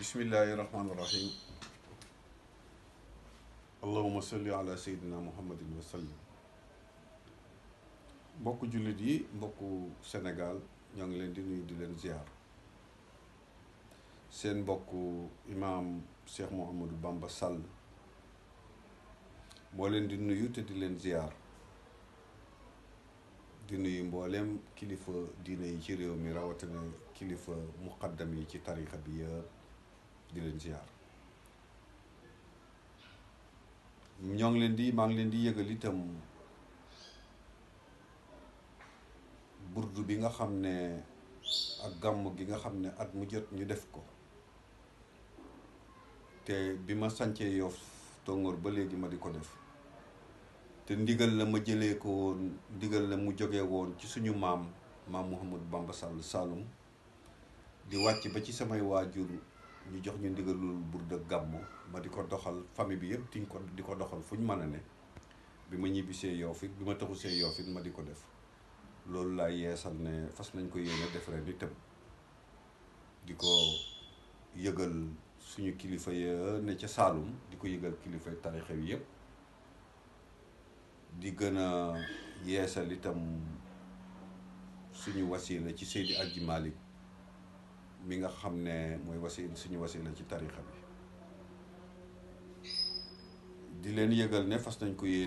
bismillaahi rahmaani rahiim allahuma salli ala seydina muhammadin wa sallim mbokku jullit yi mbokku Sénégal ñoo ngi leen di nuyu di leen ziar seen mbokku imaam Cheikh Mouhamadou Bamba Sall moo leen di nuyu te di leen ziar di nuyu mboolem kilifa diine yi ci réew mi rawatina kilifa muqaddam yi ci tarixa bi yëpp di leen ziar ñoo ngi leen di maa ngi leen di yëgal itam burdu bi nga xam ne ak gàmm gi nga xam ne at mu jël ñu def ko te bi ma sancee Yoff Tongoor ba léegi ma di ko def te ndigal la ma jëlee ko woon ndigal la mu jóge woon ci suñu maam maam Mouhamadou Bamba Sall di wàcc ba ci samay waajur ñu jox ñu ndigalul bur de ma di ko doxal famille bi yëpp tiñ di ko doxal fu ñu mën a ne bi ma ñibbisee Yoff it bi ma taxu see Yoff it ma di ko def loolu laay yeesal ne fas nañ ko yéene def di ko yëgal suñu kilifa ya ne ca Saalum di ko yëgal kilifa tarixe yi yëpp di gën a yeesal itam suñu wasiila ci Seydi Aji Malick mi nga xam ne mooy wasi suñu wasila ci tarixa bi di leen yëgal ne fas nañ ko yéene